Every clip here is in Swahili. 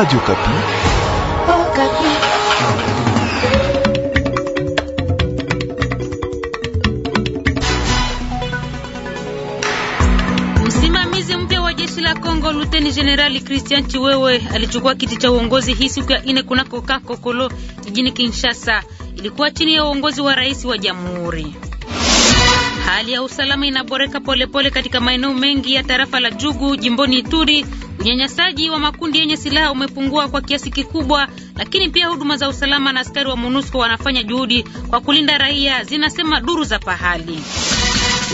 Radio Okapi. Msimamizi oh, mpya wa jeshi la Kongo Luteni Generali Christian Chiwewe alichukua kiti cha uongozi hii siku ya ine kunako kokolo jijini Kinshasa. Ilikuwa chini ya uongozi wa rais wa jamhuri. Hali ya usalama inaboreka polepole katika maeneo mengi ya tarafa la Jugu jimboni Ituri. Unyanyasaji wa makundi yenye silaha umepungua kwa kiasi kikubwa, lakini pia huduma za usalama na askari wa MONUSCO wanafanya juhudi kwa kulinda raia, zinasema duru za pahali.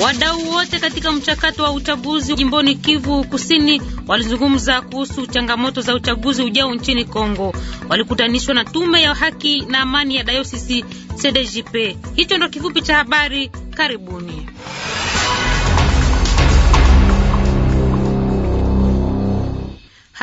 Wadau wote katika mchakato wa uchaguzi jimboni Kivu Kusini walizungumza kuhusu changamoto za uchaguzi ujao nchini Kongo. Walikutanishwa na tume ya haki na amani ya dayosisi CDJP. Hicho ndo kifupi cha habari. Karibuni.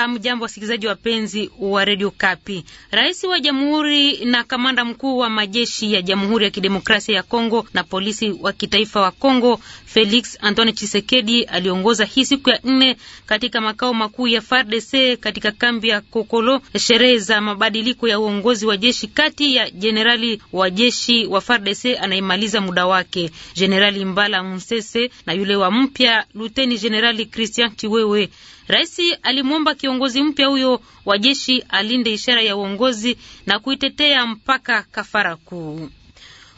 Hamjambo, wasikilizaji wapenzi wa redio Kapi. Rais wa jamhuri na kamanda mkuu wa majeshi ya Jamhuri ya Kidemokrasia ya Kongo na polisi wa kitaifa wa Kongo Felix Antoine Chisekedi aliongoza hii siku ya nne katika makao makuu ya FARDC katika kambi ya Kokolo sherehe za mabadiliko ya uongozi wa jeshi kati ya jenerali wa jeshi wa FARDC anayemaliza muda wake Jenerali Mbala Msese na yule wa mpya Luteni Jenerali Christian Chiwewe. Rais alimwomba kiongozi mpya huyo wa jeshi alinde ishara ya uongozi na kuitetea mpaka kafara kuu.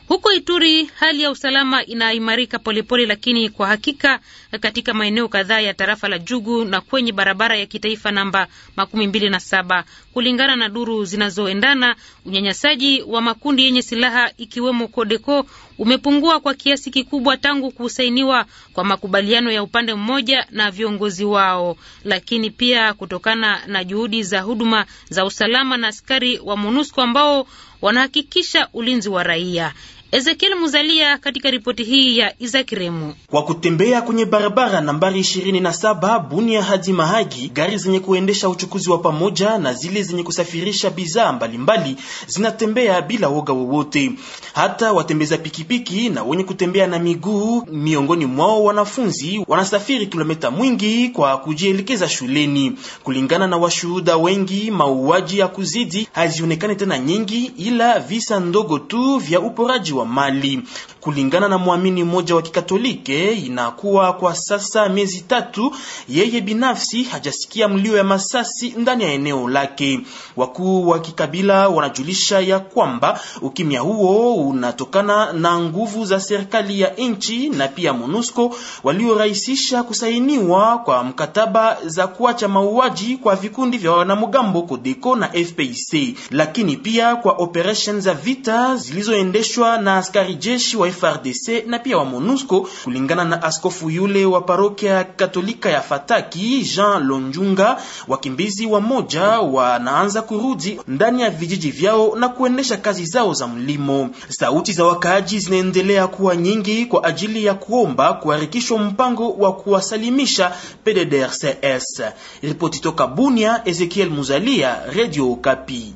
Huko Ituri hali ya usalama inaimarika polepole, lakini kwa hakika katika maeneo kadhaa ya tarafa la Jugu na kwenye barabara ya kitaifa namba makumi mbili na saba, kulingana na duru zinazoendana, unyanyasaji wa makundi yenye silaha ikiwemo Kodeko umepungua kwa kiasi kikubwa tangu kusainiwa kwa makubaliano ya upande mmoja na viongozi wao, lakini pia kutokana na juhudi za huduma za usalama na askari wa MONUSCO ambao wanahakikisha ulinzi wa raia. Ezekiel Muzalia katika ripoti hii ya Remu. Kwa kutembea kwenye barabara nambari 27 Bunia hadi Mahagi, gari zenye kuendesha uchukuzi wa pamoja na zile zenye kusafirisha bidhaa mbalimbali zinatembea bila woga wowote. Hata watembeza pikipiki na wenye kutembea na miguu, miongoni mwao wanafunzi, wanasafiri kilomita mwingi kwa kujielekeza shuleni. Kulingana na washuhuda wengi, mauaji ya kuzidi hazionekani tena nyingi, ila visa ndogo tu vya uporaji wa wa mali Kulingana na mwamini mmoja wa Kikatolike, inakuwa kwa sasa miezi tatu yeye binafsi hajasikia mlio ya masasi ndani ya eneo lake. Wakuu wa kikabila wanajulisha ya kwamba ukimya huo unatokana na nguvu za serikali ya nchi na pia MONUSCO waliorahisisha kusainiwa kwa mkataba za kuacha mauaji kwa vikundi vya wanamgambo Kodeko na FPIC, lakini pia kwa operation za vita zilizoendeshwa na askari jeshi wa FRDC na pia wa MONUSCO, kulingana na askofu yule wa parokia Katolika ya Fataki Jean Lonjunga. Wakimbizi wa moja wanaanza kurudi ndani ya vijiji vyao na kuendesha kazi zao za mlimo. Sauti za wakaaji zinaendelea kuwa nyingi kwa ajili ya kuomba kuharikishwa mpango wa kuwasalimisha PDDRCS. Ripoti toka Bunia, Ezekiel Muzalia, Radio Kapi.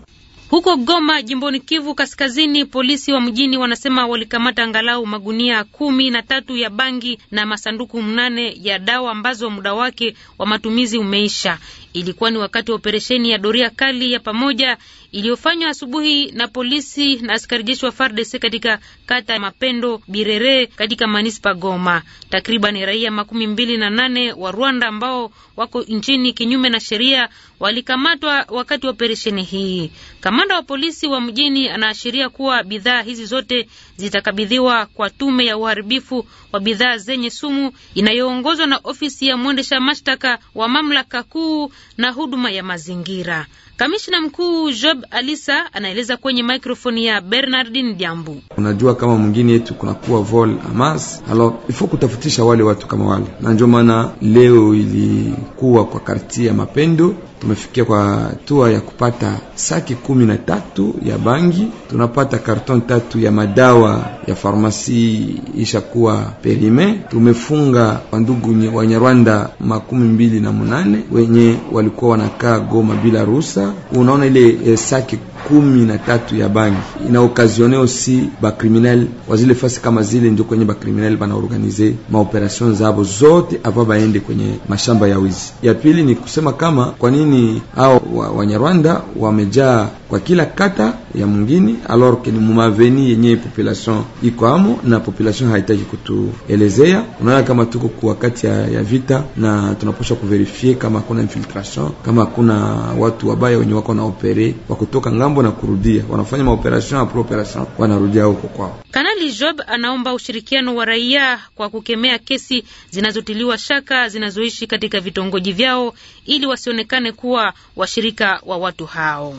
Huko Goma, jimboni Kivu Kaskazini, polisi wa mjini wanasema walikamata angalau magunia kumi na tatu ya bangi na masanduku mnane ya dawa ambazo muda wake wa matumizi umeisha. Ilikuwa ni wakati wa operesheni ya doria kali ya pamoja iliyofanywa asubuhi na polisi na askari jeshi wa FARDC katika kata ya Mapendo Birere katika manispa Goma. Takriban raia makumi mbili na nane wa Rwanda ambao wako nchini kinyume na sheria walikamatwa wakati wa operesheni hii. Kamanda wa polisi wa mjini anaashiria kuwa bidhaa hizi zote zitakabidhiwa kwa tume ya uharibifu wa bidhaa zenye sumu inayoongozwa na ofisi ya mwendesha mashtaka wa mamlaka kuu na huduma ya mazingira. Kamishna mkuu Job Alisa anaeleza kwenye mikrofoni ya Bernardin Diambu. Unajua, kama mwingine yetu kunakuwa vol amas alors ifo kutafutisha wale watu kama wale, na ndio maana leo ilikuwa kwa karti ya Mapendo tumefikia kwa hatua ya kupata saki kumi na tatu ya bangi, tunapata karton tatu ya madawa ya farmasi ishakuwa perime. Tumefunga wandugu Wanyarwanda makumi mbili na munane wenye walikuwa wanakaa Goma bila ruhusa ou on en est les euh, sacs kumi na tatu ya bangi ina okazione osi bakriminel wa zile fasi kama zile, ndio kwenye bakriminel banaorganize maoperation zabo zote ava baende kwenye mashamba ya wizi. Ya pili ni kusema kama kwa nini hao Wanyarwanda wamejaa kwa kila kata ya mungini alors ni mumaveni yenye population iko amo na population haitaki kutuelezea. Unaona kama tuko kuwakati wakati ya, ya vita na tunaposha kuverifie kama hakuna infiltration, kama hakuna watu wabaya wenye wako na opere wa kutoka ng'ambo na kurudia, wanafanya maoperation na prooperation, wanarudia huko kwao. Kanali Job anaomba ushirikiano wa raia kwa kukemea kesi zinazotiliwa shaka zinazoishi katika vitongoji vyao ili wasionekane kuwa washirika wa watu hao.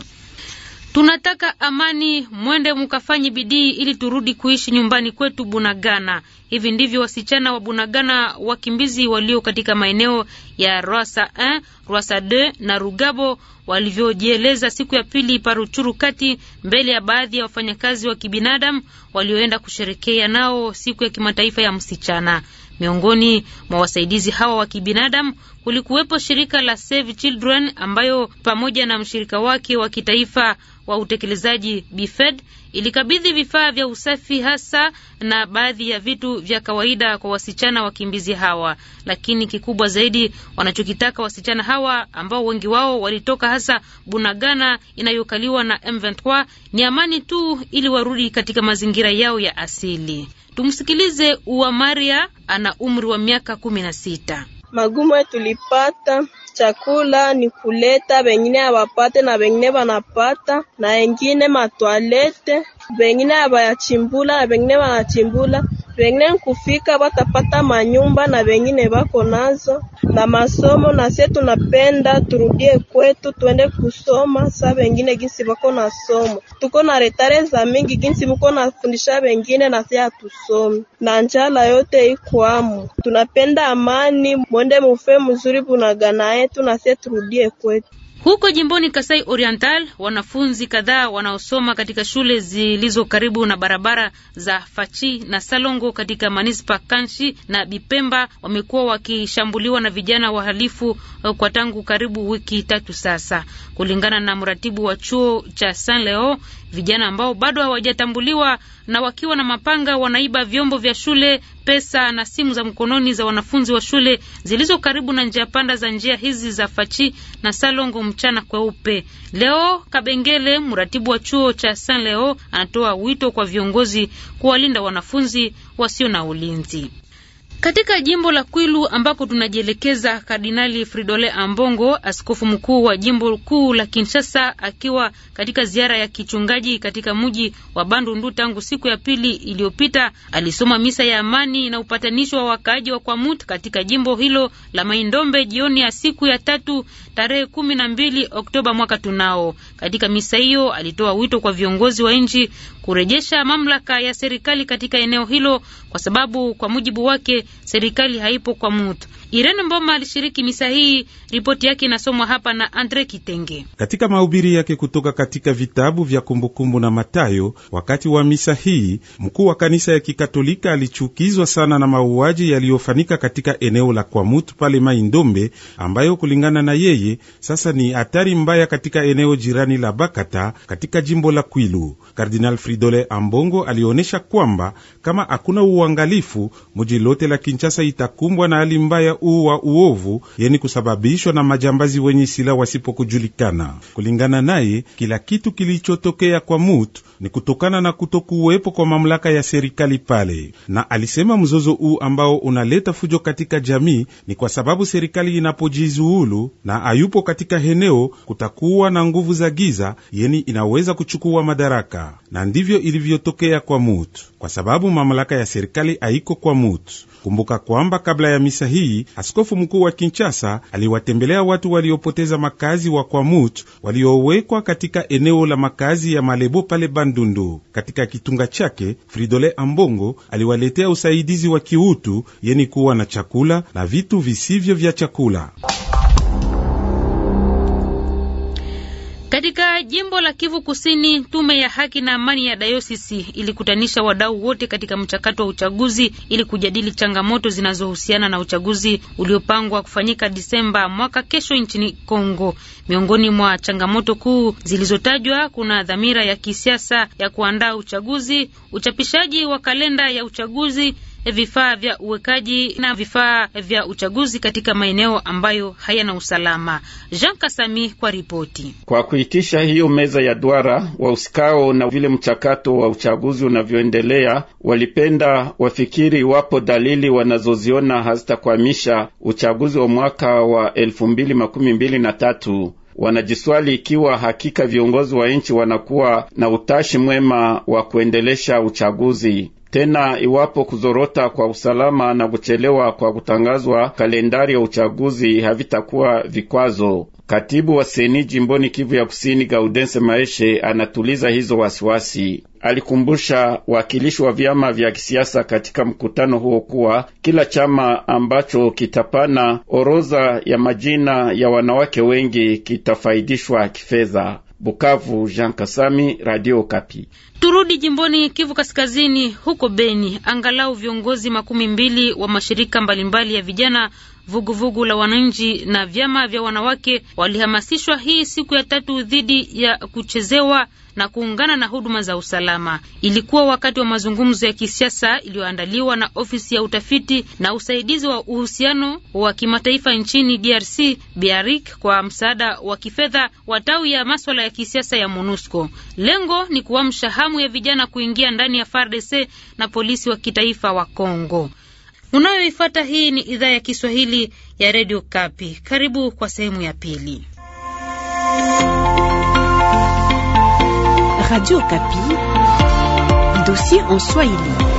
Tunataka amani, mwende mkafanye bidii ili turudi kuishi nyumbani kwetu Bunagana. Hivi ndivyo wasichana wa Bunagana wakimbizi walio katika maeneo ya Rwasa 1, Rwasa 2 na Rugabo walivyojieleza siku ya pili Paruchuru kati mbele ya baadhi ya wafanyakazi wa kibinadamu walioenda kusherekea nao siku ya kimataifa ya msichana. Miongoni mwa wasaidizi hawa wa kibinadamu kulikuwepo shirika la Save Children ambayo pamoja na mshirika wake wa kitaifa wa utekelezaji BIFED ilikabidhi vifaa vya usafi hasa na baadhi ya vitu vya kawaida kwa wasichana wakimbizi hawa, lakini kikubwa zaidi wanachokitaka wasichana hawa ambao wengi wao walitoka hasa Bunagana inayokaliwa na M23 ni amani tu, ili warudi katika mazingira yao ya asili. Tumsikilize Uwa Maria, ana umri wa miaka kumi na sita. Magumu tulipata chakula ni kuleta bengine abapate na bengine banapata na engine matwalete bengine abayachimbula na bengine banachimbula venye kufika batapata manyumba na vengine bako nazo na masomo, na sie tunapenda turudie kwetu twende kusoma sa bengine ginsi bako na somo. Tuko na retare za mingi ginsi muko nafundisha bengine na sie hatusomi na njala yote ikwamu. Tunapenda amani, mwende mufe mzuri bunagana yetu na sie turudie kwetu. Huko jimboni Kasai Oriental, wanafunzi kadhaa wanaosoma katika shule zilizo karibu na barabara za Fachi na Salongo katika manispa Kanshi na Bipemba wamekuwa wakishambuliwa na vijana wahalifu eh, kwa tangu karibu wiki tatu sasa, kulingana na mratibu wa chuo cha San Leo. Vijana ambao bado hawajatambuliwa na wakiwa na mapanga wanaiba vyombo vya shule, pesa na simu za mkononi za wanafunzi wa shule zilizo karibu na njia panda za njia hizi za Fachi na Salongo mchana kweupe. Leo Kabengele, mratibu wa chuo cha San Leo, anatoa wito kwa viongozi kuwalinda wanafunzi wasio na ulinzi. Katika jimbo la Kwilu ambako tunajielekeza, Kardinali Fridole Ambongo, askofu mkuu wa jimbo kuu la Kinshasa, akiwa katika ziara ya kichungaji katika mji wa Bandundu tangu siku ya pili iliyopita, alisoma misa ya amani na upatanisho wa wakaaji wa Kwamut katika jimbo hilo la Maindombe jioni ya siku ya tatu tarehe kumi na mbili Oktoba mwaka tunao. Katika misa hiyo alitoa wito kwa viongozi wa nchi kurejesha mamlaka ya serikali katika eneo hilo, kwa sababu kwa mujibu wake serikali haipo kwa mutu. Irene Mboma alishiriki misa hii. Ripoti yake inasomwa hapa na Andre Kitenge. Katika mahubiri yake kutoka katika vitabu vya Kumbukumbu na Matayo, wakati wa misa hii, mkuu wa kanisa ya Kikatolika alichukizwa sana na mauaji yaliyofanyika katika eneo la Kwamutu pale Mai Ndombe, ambayo kulingana na yeye sasa ni hatari mbaya katika eneo jirani la Bakata katika jimbo la Kwilu. Kardinal Fridole Ambongo alionyesha kwamba kama hakuna uangalifu, mji lote la Kinshasa itakumbwa na hali mbaya huu wa uovu, yani kusababishwa na majambazi wenye silaha wasipokujulikana. Kulingana naye, kila kitu kilichotokea kwa mutu ni kutokana na kutokuwepo kwa mamlaka ya serikali pale, na alisema mzozo huu ambao unaleta fujo katika jamii ni kwa sababu serikali inapojizuulu na ayupo katika eneo, kutakuwa na nguvu za giza, yeni inaweza kuchukua madaraka, na ndivyo ilivyotokea kwa mutu kwa sababu mamlaka ya serikali haiko kwa mutu. Kumbuka kwamba kabla ya misa hii askofu mkuu wa Kinshasa aliwatembelea watu waliopoteza makazi wa Kwamut waliowekwa katika eneo la makazi ya Malebo pale Bandundu. Katika kitunga chake, Fridole Ambongo aliwaletea usaidizi wa kiutu yeni kuwa na chakula na vitu visivyo vya chakula. Katika jimbo la Kivu Kusini, tume ya haki na amani ya dayosisi ilikutanisha wadau wote katika mchakato wa uchaguzi ili kujadili changamoto zinazohusiana na uchaguzi uliopangwa kufanyika Disemba mwaka kesho nchini Kongo. Miongoni mwa changamoto kuu zilizotajwa kuna dhamira ya kisiasa ya kuandaa uchaguzi, uchapishaji wa kalenda ya uchaguzi vifaa vya uwekaji na vifaa vya uchaguzi katika maeneo ambayo hayana usalama. Jean Kasami kwa ripoti. Kwa kuitisha hiyo meza ya duara, wausikao na vile mchakato wa uchaguzi unavyoendelea, walipenda wafikiri wapo dalili wanazoziona hazitakwamisha uchaguzi wa mwaka wa elfu mbili makumi mbili na tatu. Wanajiswali ikiwa hakika viongozi wa nchi wanakuwa na utashi mwema wa kuendelesha uchaguzi. Tena iwapo kuzorota kwa usalama na kuchelewa kwa kutangazwa kalendari ya uchaguzi havitakuwa vikwazo. Katibu wa seni jimboni Kivu ya Kusini, Gaudense Maeshe, anatuliza hizo wasiwasi. Alikumbusha wakilishi wa vyama vya kisiasa katika mkutano huo kuwa kila chama ambacho kitapana orodha ya majina ya wanawake wengi kitafaidishwa kifedha. Bukavu, Jean Kasami, Radio Kapi. Turudi jimboni Kivu Kaskazini, huko Beni, angalau viongozi makumi mbili wa mashirika mbalimbali ya vijana vuguvugu vugu la wananchi na vyama vya wanawake walihamasishwa hii siku ya tatu dhidi ya kuchezewa na kuungana na huduma za usalama. Ilikuwa wakati wa mazungumzo ya kisiasa iliyoandaliwa na ofisi ya utafiti na usaidizi wa uhusiano wa kimataifa nchini DRC BIARIC kwa msaada wa kifedha wa tawi ya maswala ya kisiasa ya MONUSCO. Lengo ni kuamsha hamu ya vijana kuingia ndani ya FARDC na polisi wa kitaifa wa congo Unayoifuata hii ni idhaa ya Kiswahili ya redio Kapi. Karibu kwa sehemu ya pili. Radio Kapi, dosie en Swahili.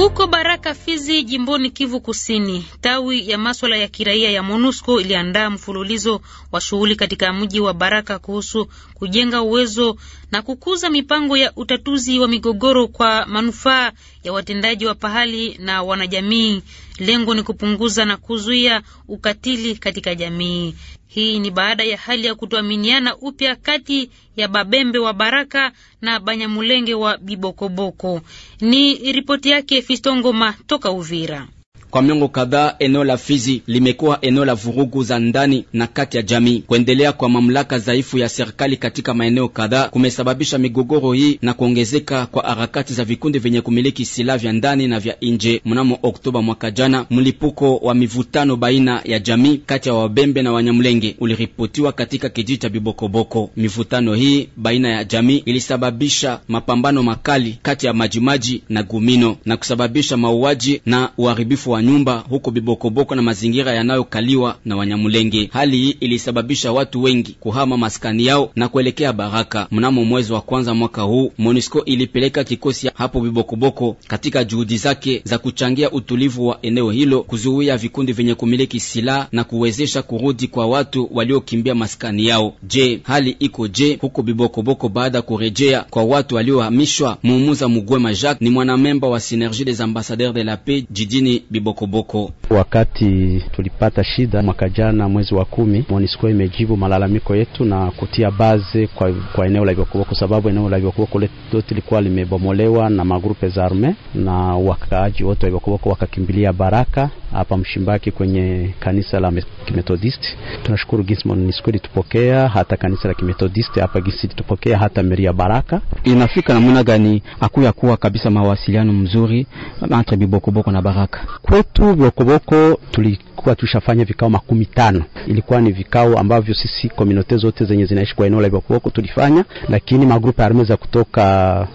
Huko Baraka Fizi, jimboni Kivu Kusini, tawi ya maswala ya kiraia ya MONUSCO iliandaa mfululizo wa shughuli katika mji wa Baraka kuhusu kujenga uwezo na kukuza mipango ya utatuzi wa migogoro kwa manufaa ya watendaji wa pahali na wanajamii. Lengo ni kupunguza na kuzuia ukatili katika jamii. Hii ni baada ya hali ya kutoaminiana upya kati ya Babembe wa Baraka na Banyamulenge wa Bibokoboko. Ni ripoti yake Fistongoma toka Uvira. Kwa miongo kadhaa, eneo la Fizi limekuwa eneo la vurugu za ndani na kati ya jamii. Kuendelea kwa mamlaka dhaifu ya serikali katika maeneo kadhaa kumesababisha migogoro hii na kuongezeka kwa harakati za vikundi vyenye kumiliki silaha vya ndani na vya nje. Mnamo Oktoba mwaka jana, mlipuko wa mivutano baina ya jamii kati ya Wabembe na Wanyamulenge uliripotiwa katika kijiji cha Bibokoboko. Mivutano hii baina ya jamii ilisababisha mapambano makali kati ya Majimaji na Gumino na kusababisha mauaji na uharibifu wa nyumba huko Bibokoboko na mazingira yanayokaliwa na Wanyamulenge. Hali hii ilisababisha watu wengi kuhama maskani yao na kuelekea Baraka. Mnamo mwezi wa kwanza mwaka huu, MONUSCO ilipeleka kikosi hapo Bibokoboko katika juhudi zake za kuchangia utulivu wa eneo hilo, kuzuia vikundi vyenye kumiliki silaha na kuwezesha kurudi kwa watu waliokimbia maskani yao. Je, hali iko je huko Bibokoboko baada ya kurejea kwa watu waliohamishwa? Muumuza Mugwema Jacques ni mwanamemba wa Synergie des Ambassadeurs de la Paix jijini Bibokoboko. Bokoboko. Wakati tulipata shida mwaka jana mwezi wa kumi, MONUSCO imejibu malalamiko yetu na kutia baze kwa, kwa eneo la Bokoboko, sababu eneo la Bokoboko lote lilikuwa limebomolewa na magrupe za arme na wakaaji wote wa Bokoboko wakakimbilia Baraka hapa Mshimbaki kwenye kanisa la Kimethodist. Tunashukuru jinsi MONUSCO litupokea, hata kanisa la Kimethodist hapa jinsi litupokea, hata Maria Baraka. Inafika namna gani akuya kuwa kabisa mawasiliano mzuri entre Bibokoboko na Baraka? Kwetu Bibokoboko tulikuwa tushafanya vikao makumi tano, ilikuwa ni vikao ambavyo sisi komunote zote zenye zinaishi kwa eneo la Bibokoboko tulifanya, lakini magrupu ya arme za kutoka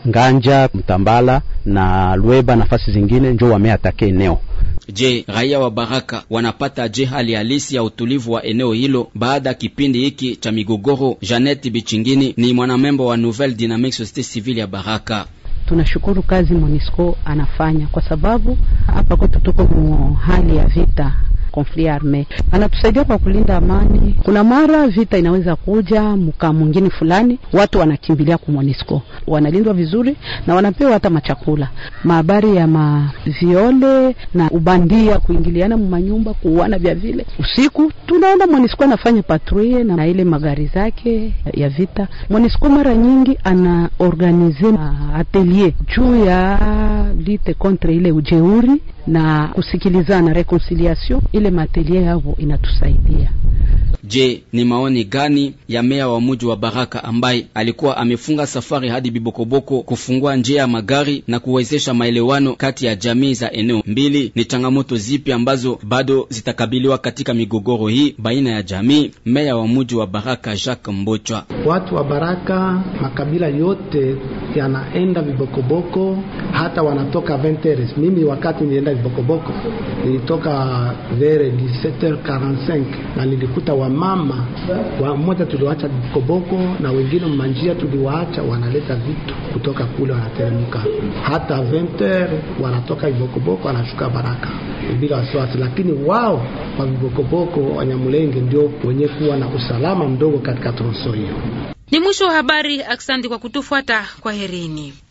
Nganja, Mtambala na Lweba nafasi zingine njoo wameatake eneo Je, raia wa Baraka wanapata je hali halisi ya utulivu wa eneo hilo baada ya kipindi hiki cha migogoro? Janet Bichingini ni mwanamembo wa Nouvelle Dynamique Société Civile ya Baraka. Tunashukuru kazi Monisco anafanya kwa sababu hapa kwetu tuko mu hali ya vita konfli arme. Anatusaidia kwa kulinda amani. Kuna mara vita inaweza kuja mkaa mwingine fulani, watu wanakimbilia ku Monisco, wanalindwa vizuri na wanapewa hata machakula. Mahabari ya maviole na ubandia, kuingiliana mumanyumba, kuuana vya vile, usiku tunaona Monisco anafanya patrouille na, na ile magari zake ya vita. Monisco mara nyingi ana organize atelier juu ya lite contre ile ujeuri na kusikilizana, reconciliation ile matelie yao inatusaidia. Je, ni maoni gani ya meya wa muji wa Baraka ambaye alikuwa amefunga safari hadi Bibokoboko kufungua njia ya magari na kuwezesha maelewano kati ya jamii za eneo mbili? Ni changamoto zipi ambazo bado zitakabiliwa katika migogoro hii baina ya jamii? Meya wa muji wa Baraka Jacques Mbochwa: watu wa Baraka, makabila yote yanaenda Bibokoboko, hata wanatoka Venteres. Mimi wakati nienda Express Bokoboko. Nilitoka vere 17:45 na nilikuta wamama wamoja tuliwaacha Bokoboko na wengine mmanjia tuliwaacha wanaleta vitu kutoka kule, wanateremka hata 20h wanatoka Bokoboko wanashuka Baraka bila wasiwasi, lakini wao wa Bokoboko Wanyamulenge ndio wenye kuwa na usalama mdogo katika tronso hiyo. Ni mwisho wa habari. Aksandi kwa kutufuata. herini.